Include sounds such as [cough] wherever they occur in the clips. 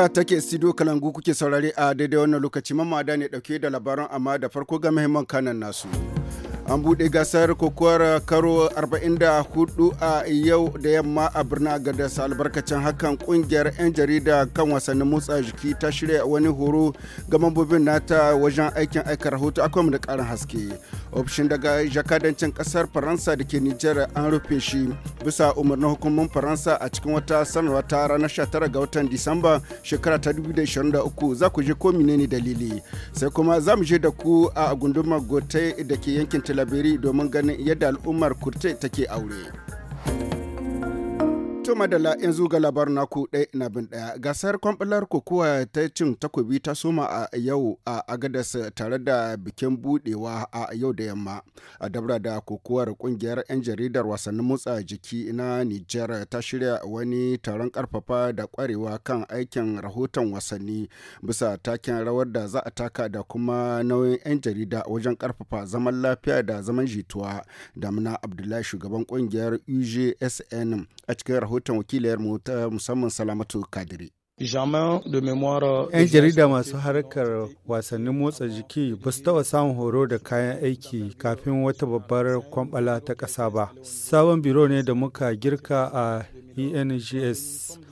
haka take sido kalangu kuke saurare a daidai wannan lokaci mamada ne dauke da labaran amma da farko ga muhimman kanan nasu. an buɗe gasar kokowar karo 44 a yau da yamma a birnin agadas albarkacin hakan kungiyar 'yan jarida kan wasannin motsa jiki ta shirya wani horo ga mambobin nata wajen aikin aika rahoto akwai da ƙarin haske ofishin daga jakadancin kasar faransa da ke nijar an rufe shi bisa umarnin hukumar faransa a cikin wata sanarwa ta ranar 19 ga watan disamba shekara ta 2023 za ku je ko menene dalili sai kuma za mu je da ku a gundumar gotel da ke yankin labiri domin ganin yadda al'ummar kurte take aure. To madala yanzu ga labar naku ɗaya na bin ɗaya gasar kwamfular kokowa ta cin takobi ta soma a yau a agadas tare da bikin buɗewa a yau da yamma a dabra da kokowar kungiyar 'yan jaridar wasannin motsa jiki na Nijar ta shirya wani taron karfafa da kwarewa kan aikin rahoton wasanni bisa taken rawar da za a taka da kuma nauyin 'yan jarida wajen karfafa zaman lafiya da zaman jituwa damina Abdullahi shugaban kungiyar ugsn. a cikin rahoton wakilayarmu ta musamman Salamatu Kadiri. yan jarida masu harkar wasannin motsa jiki ba su taɓa samun horo da kayan aiki kafin wata babbar kwambala ta ƙasa ba sabon biro ne da muka girka a engs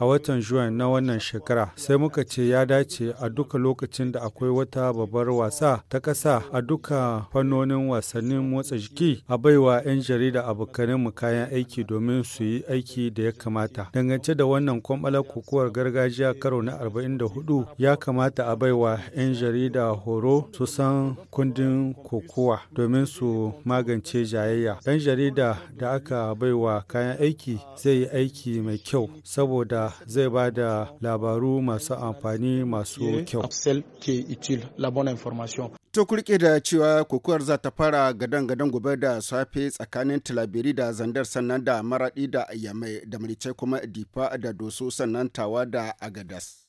a watan juan na wannan shekara sai muka ce ya dace a duka lokacin da akwai wata babbar wasa ta ƙasa a duka fannonin wasannin motsa jiki a baiwa 'yan jarida mu kayan aiki domin su yi aiki da ya kamata dangance da wannan kwamɓalar kokowar gargajiya karo na 44 ya kamata a baiwa 'yan jarida horo su san kundin kokowa domin su magance jayayya 'yan jarida da aka baiwa kayan aiki zai yi aiki mai kyau saboda zai ba da labaru masu amfani masu kyau. To kurke da cewa kokowar za ta fara gadon gadon gobe da safe tsakanin talabiri da zandar sannan da maradi da yamai da marice kuma difa da doso sannan tawa da agadas.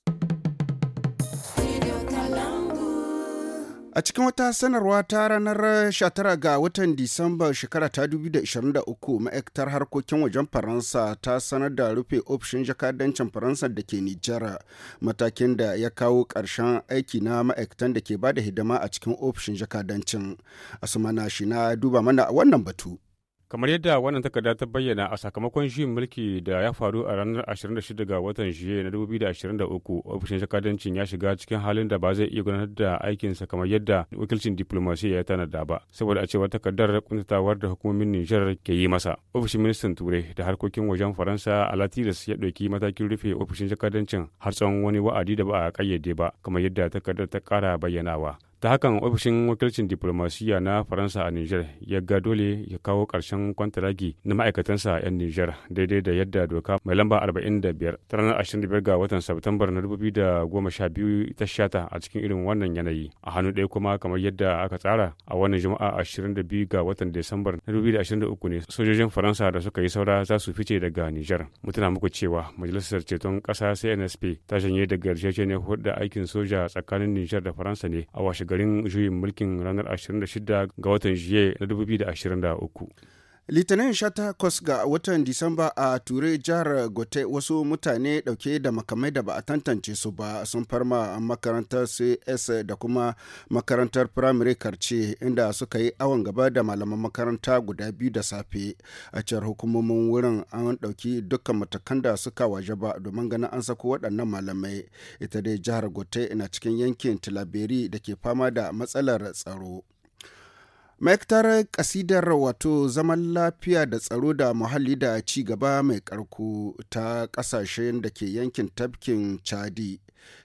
A cikin wata sanarwa ta ranar 19 ga watan Disamba shekara ta 2023 ma'aikatar harkokin wajen Faransa ta sanar da rufe ofishin jakadancin Faransa da ke Nijar matakin da ya kawo ƙarshen aiki na ma'aikatan da ke bada hidima a cikin ofishin jakadancin. Asumana shi na duba mana wannan batu. kamar yadda wannan takarda ta bayyana a sakamakon shi mulki da ya faru a ranar 26 ga watan juye na 2023 ofishin jakadancin ya shiga cikin halin da ba zai iya gudanar da aikinsa kamar yadda wakilcin diplomasiya ya tanada ba saboda a cewar takardar kuntatawar da hukumomin nijar ke yi masa ofishin ministan turai da harkokin wajen faransa alatilas ya ɗauki matakin rufe ofishin jakadancin har tsawon wani wa'adi da ba a kayyade ba kamar yadda takardar ta ƙara bayyanawa ta hakan ofishin wakilcin diplomasiya na faransa a niger ya ga dole ya kawo ƙarshen kwantaragi na ma'aikatansa 'yan niger daidai da yadda doka mai lamba 45 ta ranar 25 ga watan satumbar na 2012 ta shata a cikin irin wannan yanayi a hannu ɗaya kuma kamar yadda aka tsara a wannan juma'a 22 ga watan disambar na 2023 ne sojojin faransa da suka yi saura za su fice daga niger mutuna muku cewa majalisar ceton ƙasa cnsp ta janye daga yarjejeniyar hulɗa aikin soja tsakanin niger da faransa ne a washegari. garin juyin mulkin ranar 26 ga watan juye na 2023. litinin 18 ga watan disamba a ture jihar gote wasu mutane dauke da makamai da ba a tantance su ba sun farma makarantar cs da kuma makarantar firamare karce inda suka yi awon gaba da malaman makaranta guda biyu da safe a cikin hukumomin wurin an dauki dukkan matakan da suka waje ba domin ganin an sako waɗannan malamai ita dai jihar gote na cikin yankin tilaberi da ke fama da matsalar tsaro ma'aikatar kasidar wato zaman lafiya da tsaro da muhalli da ci gaba mai ƙarko, ta kasashen da ke yankin tafkin chadi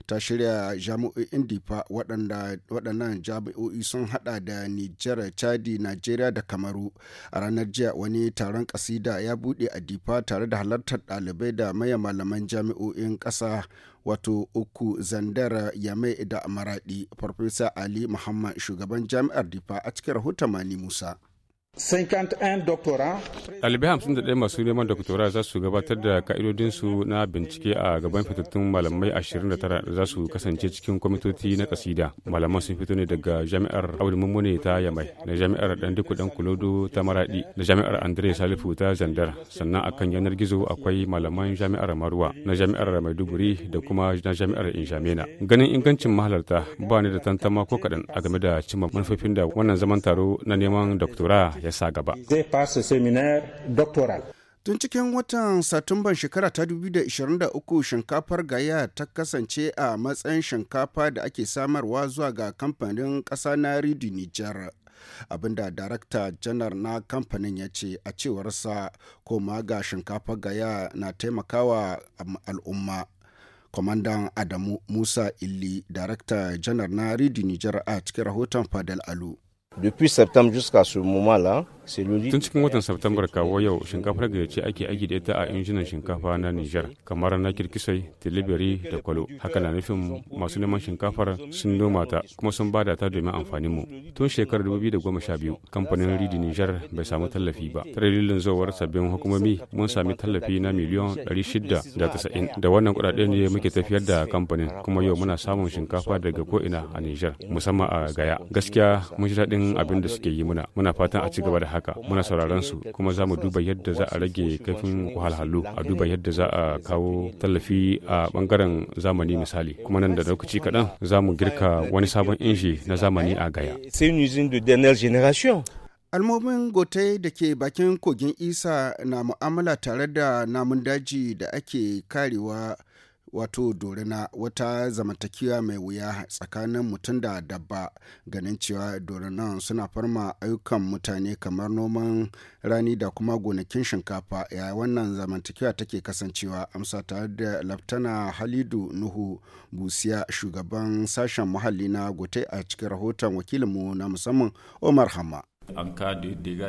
ta shirya jami'o'in difa waɗannan jami'o'i sun hada da nijar chadi nigeria da kamaru a ranar jiya wani taron kasida ya buɗe a difa tare da halartar ɗalibai da maya malaman jami'o'in ƙasa wato uku zandar yamai da maradi farfesa ali muhammad shugaban jami'ar difa a cikin rahoton mani musa Ɗalibai hamsin da ɗaya masu neman doktora za su gabatar da ka'idodinsu na bincike a gaban fitattun malamai ashirin da tara za su kasance cikin kwamitoci na kasida. Malaman sun fito ne daga jami'ar Audu Mummune ta Yamai, da jami'ar Dandiku Dan Kulodo ta Maradi, da jami'ar Andre Salifu ta Zandar. Sannan akan yanar gizo akwai malaman jami'ar Maruwa, na jami'ar Maiduguri da kuma na jami'ar Injamena. Ganin ingancin mahalarta ba ni da tantama ko kaɗan a game da cimma manufofin da wannan zaman taro na neman doktora ya sa gaba. Zai fasa seminar doctoral. Tun cikin watan Satumban shekara ta 2023 shinkafar gaya ta kasance a matsayin shinkafa da ake samarwa zuwa ga kamfanin ƙasa na Ridi Nijar. abinda darakta janar na kamfanin ya ce a cewarsa koma ga shinkafar gaya na taimakawa al'umma. kwamandan Adamu Musa Illi, darakta janar na Ridi Nijar a cikin rahoton Fadal Alu. Depuis septembre jusqu'à ce moment-là, Tun cikin watan Satumbar kawo yau shinkafar gayyaci ake aiki da ita a injinan shinkafa na Nijar kamar na kirkisai, tilibiri da kwalo. Haka na nufin masu neman shinkafar sun noma ta kuma sun bada ta domin amfanin mu. Tun shekarar 2012 kamfanin Ridi niger bai samu tallafi ba. Ta dalilin zawar sabbin hukumomi mun sami tallafi na miliyan 690 da wannan kudaden ne muke tafiyar da kamfanin kuma yau muna samun shinkafa daga ko ina a Nijar musamman a Gaya. Gaskiya mun ji daɗin abin da suke yi muna. Muna fatan a ci gaba da haka. haka muna sauraron su kuma za mu duba yadda za a rage kafin wahalhalu a duba yadda za a kawo tallafi a bangaren zamani misali kuma nan da lokaci kaɗan za mu girka wani sabon inji na zamani a gaya almomin gotai da ke bakin kogin isa na mu'amala tare da namun daji da ake karewa wato dorina wata zamantakewa mai wuya tsakanin mutum da dabba ganin cewa dorinan suna farma ayyukan mutane kamar noman rani da kuma gonakin shinkafa ya wannan zamantakewa take kasancewa amsa tare da laftana halidu nuhu busiya shugaban sashen muhalli na gote a cikin rahoton wakilinmu na musamman omar hama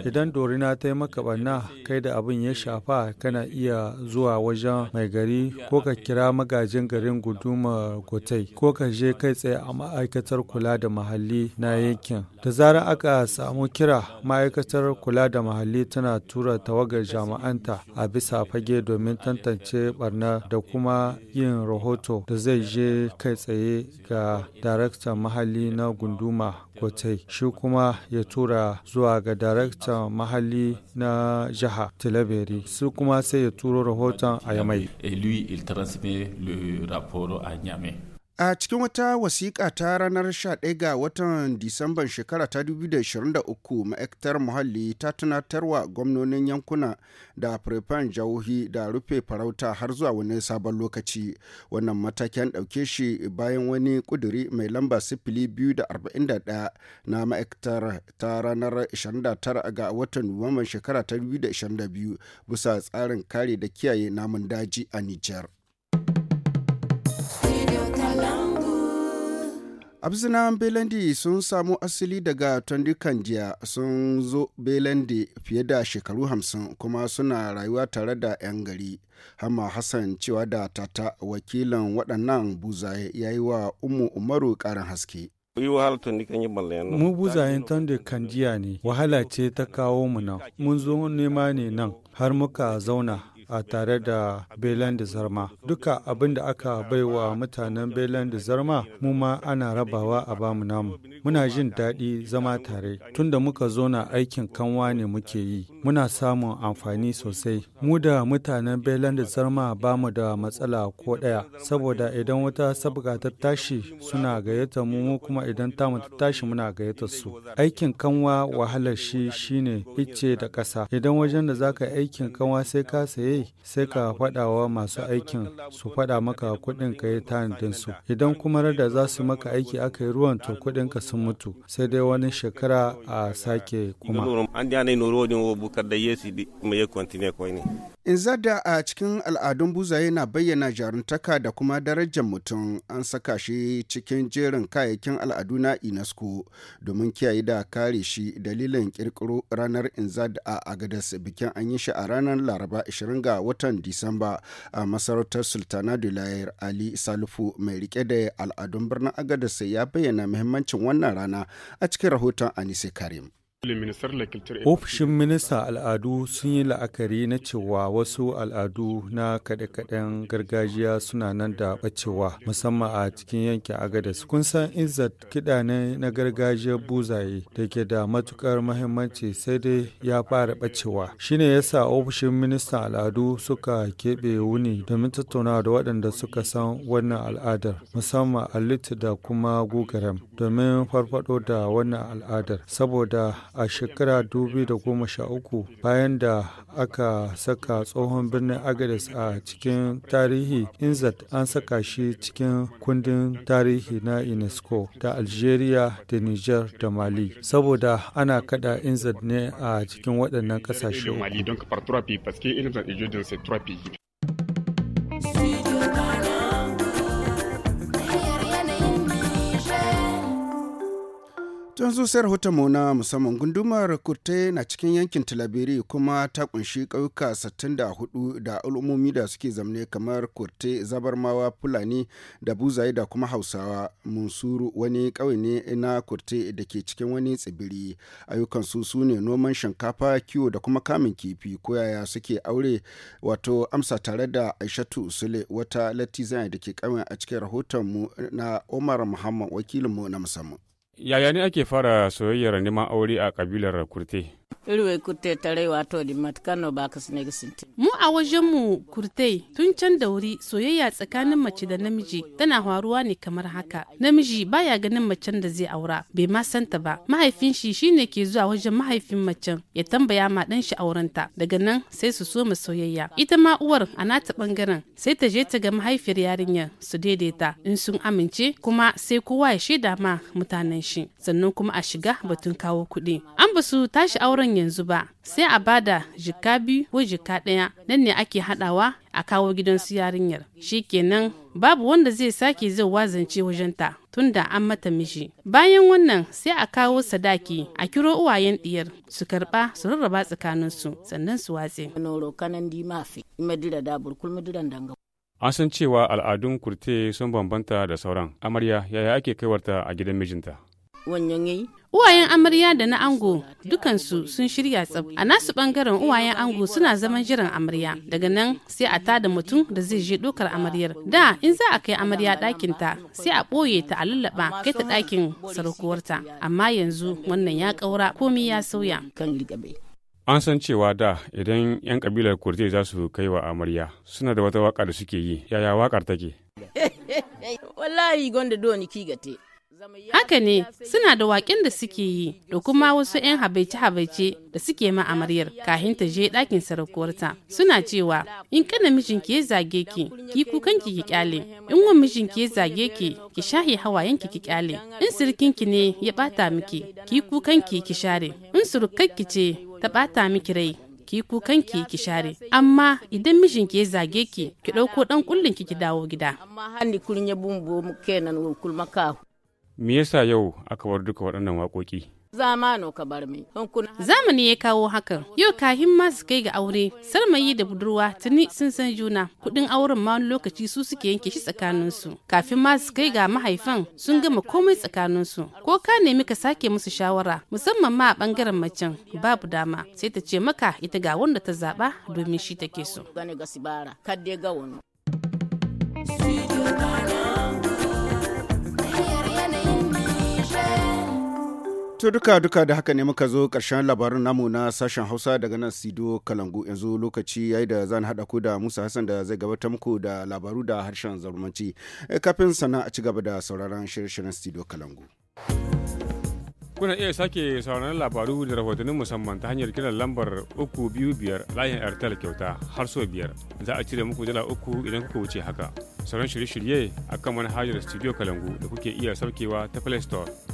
Idan dorina ta yi maka ɓanna kai da abin ya shafa kana iya zuwa wajen mai gari ko ka kira magajin garin guduma gotai ko ka je kai tsaye a ma'aikatar kula da mahalli na yankin. Da zarar aka samu kira ma'aikatar kula da mahalli tana tura tawagar jama'anta a bisa fage domin tantance barna da kuma yin rahoto da zai je kai tsaye ga daraktan mahalli na gunduma gotai shi kuma ya tura zuwa ga daraktan mahalli na jiha tilaberi su kuma sai ya turo rahoton a yamai. Et lui, il transmet le rapport à Niamey. A cikin wata wasiƙa ta ranar 11 ga watan Disamban shekara ta 2023 ma'aikatar muhalli ta tunatarwa gwamnonin yankuna da firfan jauhi da rufe farauta har zuwa wani sabon lokaci. Wannan matakin ɗauke shi bayan wani ƙuduri mai lamba sifili biyu da arba'in da ɗaya na ma'aikatar ta ranar 29 ga watan Nuwamban shekara ta 2022 bisa tsarin kare da kiyaye namun daji a Nijar. abzinan belandi sun samu asali daga tondukan jiya sun zo belandi fiye da shekaru hamsin kuma suna rayuwa tare da 'yan gari hama hassan cewa da tata wakilan waɗannan buzaye ya yi wa umu umaru ƙarin haske mu buzayen tondukan jiya ne wahala ce ta kawo mu nan mun zo nema ne nan har muka zauna a tare da Belen da Zarma. Duka abin da aka baiwa mutanen Belen da Zarma mu ma ana rabawa a bamu namu. Muna jin daɗi zama tare. Tunda muka zo na aikin kanwa ne muke yi. Muna samun amfani sosai. Mu da mutanen Belen da Zarma ba mu da matsala ko ɗaya. Saboda idan wata sabga ta tashi suna gayyata mu kuma idan ta mu tashi muna gayyata su. Aikin kanwa wahalar shi shine ice da ƙasa. Idan wajen da zaka aikin kanwa sai ka saye ne sai ka faɗa masu aikin su faɗa maka kuɗin ka yi tanadin su idan kuma da za su maka aiki aka yi ruwan to kuɗin ka sun mutu sai dai wani shekara a sake kuma in zada a cikin al'adun buzaye na bayyana jaruntaka da kuma darajar mutum an saka shi cikin jerin kayayyakin al'adu na unesco domin kiyaye da kare shi dalilin kirkiro ranar inzada a agadas bikin an yi shi a ranar laraba 20 ga watan Disamba a masarautar Sultana Dulayar Ali Salifu mai rike da al'adun birnin Agadez ya bayyana muhimmancin wannan rana a cikin rahoton Anise Karim. Ofishin Minista Al'adu sun yi la'akari na cewa wasu al'adu na kaɗe-kaɗen gargajiya suna nan da ɓacewa musamman a cikin yankin Agadez. Kun san Izzat kiɗa ne na gargajiyar buzaye da ke da matuƙar mahimmanci sai dai ya fara ɓacewa. Shi ne yasa ofishin Ministan Al'adu suka keɓe wuni domin tattauna da waɗanda suka san wannan al'adar musamman Alit da kuma Gugaram domin farfaɗo da wannan al'adar saboda a shekara 2013 bayan da aka saka tsohon birnin Agadez a cikin tarihi Inzat an saka shi cikin kundin tarihi na UNESCO da Algeria da Niger da Mali saboda ana kada Inzat ne a cikin waɗannan ƙasashe uku. tun zusar mu na musamman gundumar kurte na cikin yankin talabiri kuma ta kunshi kauyuka 64 da al'ummomi da suke zamne kamar kurte zabarmawa fulani da buzaye da kuma hausawa munsuru wani kawai ne na kurte da ke cikin wani tsibiri ayyukan su ne noman shinkafa kiwo da kuma kamun kifi ko yaya suke aure wato amsa tare da aishatu sule wata latizan da ke kawai a cikin rahoton mu na umar muhammad wakilinmu na musamman Yaya ne ake fara soyayyar neman aure a kabilar Kurte? irwe kurte tare wato di matkano ba ka ga Mu a wajen mu kurtai tun can da wuri soyayya tsakanin mace da namiji tana faruwa ne kamar haka. Namiji baya ganin macen da zai aura bai ma santa ba. Mahaifin shi shine ke zuwa wajen mahaifin macen ya tambaya ma dan shi aurenta daga nan sai su so mu soyayya. Ita ma uwar a nata bangaren sai ta je ta ga mahaifiyar yarinyar su daidaita in sun amince kuma sai kowa ya shaida ma mutanen shi sannan kuma a shiga batun kawo kuɗi. An basu tashi auren auren yanzu ba sai a bada jika biyu ko jika ɗaya nan ne ake haɗawa a kawo gidan su yarinyar shikenan babu wanda zai sake zai wazance wajenta tunda an mata mishi bayan wannan sai a kawo sadaki a kiro uwayen diyar su karba su rarraba tsakaninsu sannan su watse An san cewa al'adun kurte sun bambanta da sauran. Amarya yaya ake kaiwarta a gidan mijinta? Uwayen amarya da na ango dukansu sun shirya tsab. A nasu bangaren uwayen ango suna zaman jiran amarya. Daga nan sai a tada mutum da zai je dokar amaryar. Da in za a kai amarya ɗakin ta sai a ɓoye ta a lallaɓa kai ta ɗakin sarakuwarta. Amma yanzu wannan ya ƙaura komi ya sauya. An san cewa da idan 'yan kabilar kurdi za su kai wa amarya suna da wata waka da suke yi yaya wakar take. [laughs] Wallahi gonda doni kigate. Haka ne suna da waƙen da suke yi da kuma wasu 'yan habaice-habaice da suke ma amaryar kahin ta je ɗakin sarakuwarta suna cewa in kana mijin ke zage ki ki kukan ki ki kyale in wan mijin ke zage ki ki shahi hawayen ki ki kyale in sirkinki ne ya bata miki ki kukan ki ki share in surukakki ce ta bata miki rai ki kukan ki ki share amma idan mijin ya zage ki ki ɗauko dan kullin ki ki dawo gida. Amma hanni kurin ya bumbo kenan kulmakahu. Me yasa yau aka bar duka waɗannan waƙoƙi? zamano ka bar mi. Zamani ya kawo hakan. Yau kahin ma su kai ga aure, sarmayi da budurwa tuni sun san juna. kudin auren ma wani lokaci su suke yanke shi tsakaninsu. Kafin ma su kai ga mahaifan sun gama komai tsakaninsu. Ko ka nemi ka sake musu shawara, musamman ma a ɓangaren macen babu dama. Sai ta ce maka ita ga wanda ta zaɓa domin shi take so. To duka duka da haka ne muka zo ƙarshen labarin namu na sashen Hausa daga nan Sido Kalangu yanzu lokaci ya yi da zan haɗa ku da Musa Hassan da zai gabatar muku da labaru da harshen zamanci. Eh, kafin sana a ci gaba da sauraron shirye-shiryen Sido Kalangu. Kuna iya sake sauraron labaru da rahotannin musamman ta hanyar kiran lambar 325 layin Airtel kyauta har sau biyar. Za a cire muku dala uku idan kuka wuce haka. Sauran shirye-shirye a kan manhajar Studio Kalangu da kuke iya saukewa ta Play Store.